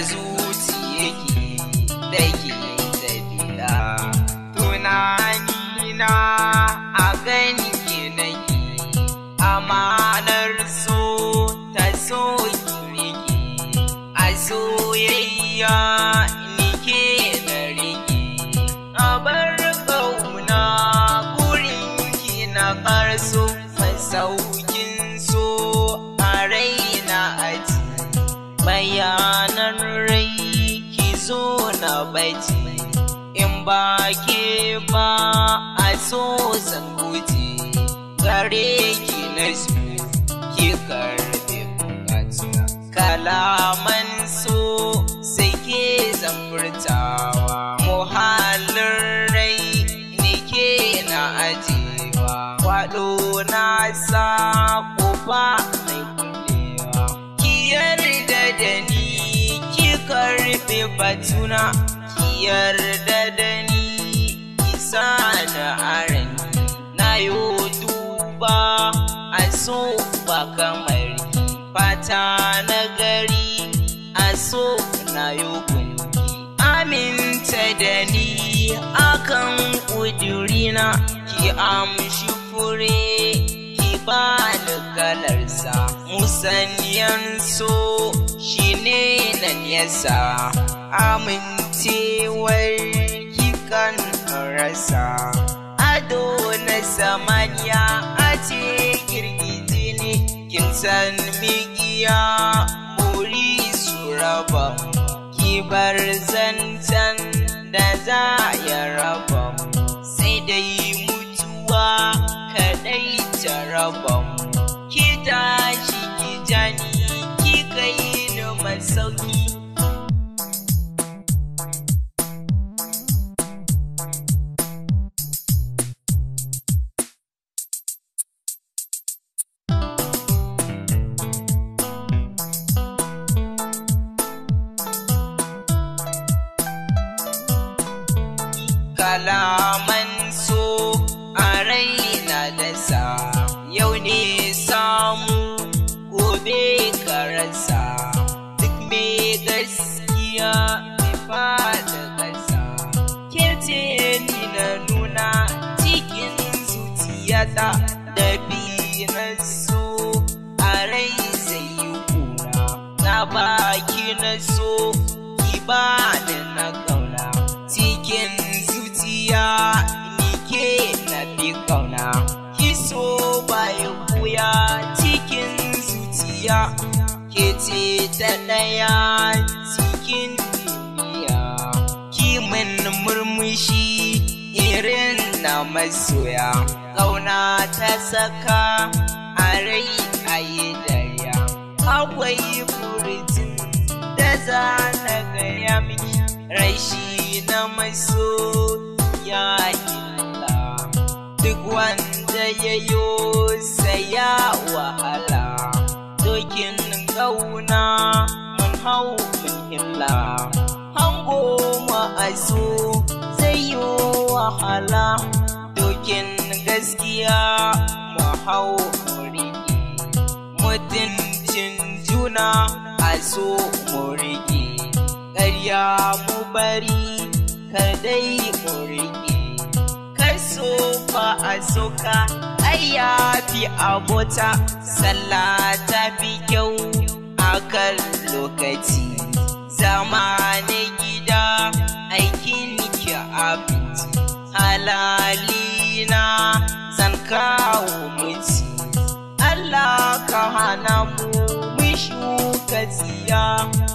a zuci yake da ke tafiya tunani na a gani ke nake amanar so ta so ki a soyayya nike da rike a bar kauna gurin ki na karso fasauki in ba ke ba a so zanguti gare ki na su ki karfe bukatu kalaman so sai ke zamfurtawa muhallin rai ni ke na ajiwa kwaɗo na sa ba mai kullewa ki yarda da ni ki batuna yarda da ni isa da arin na yi duba a so ba kamar fata na gari a so na yi aminta da ni akan ƙudurina ki amshi fure ki ba da kalarsa musanyan so shi ne nan yasa amin cewar kan rasa ado na samaniya a ce girgiji ne kin san migiya muri su raba kibar zancen da za ya raba sai dai mutuwa kadai ta raba ki tashi ki jani ki kai ni masauki kalaman su a raina da sa yau ne samu gobe karasa duk mai gaskiya mai fada ƙasa kirce ni na nuna cikin zuciyata da biyan su a rai zai yi kuna na baki na so ki ba da na kauna cikin fi ƙauna kiso bayan buya cikin zuciya ke ce ta ɗaya cikin duniya kimin murmushi irin na masoya ƙauna ta saka a rai a yi dariya akwai furitin da za na gaya miki rashi na masoya yayo saya wahala dokin gauna mun hau mun himla hango ma'azu zai yi wahala dokin gaskiya mu hau muriki mutuncin juna a so mu mu bari kadai mu sofa a soka ai ya fi abota sallah ta fi kyau a kan lokaci zama na gida aikin ki abinci halalina zan kawo mutu Allah ka hana mu mishu ka tsiya